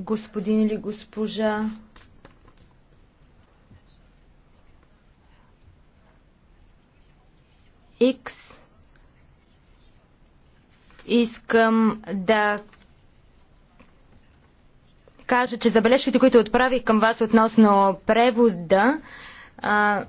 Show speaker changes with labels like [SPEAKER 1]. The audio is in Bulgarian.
[SPEAKER 1] господин или госпожа.
[SPEAKER 2] X. Искам да кажа, че забележките, които отправих към вас
[SPEAKER 3] относно превода, а,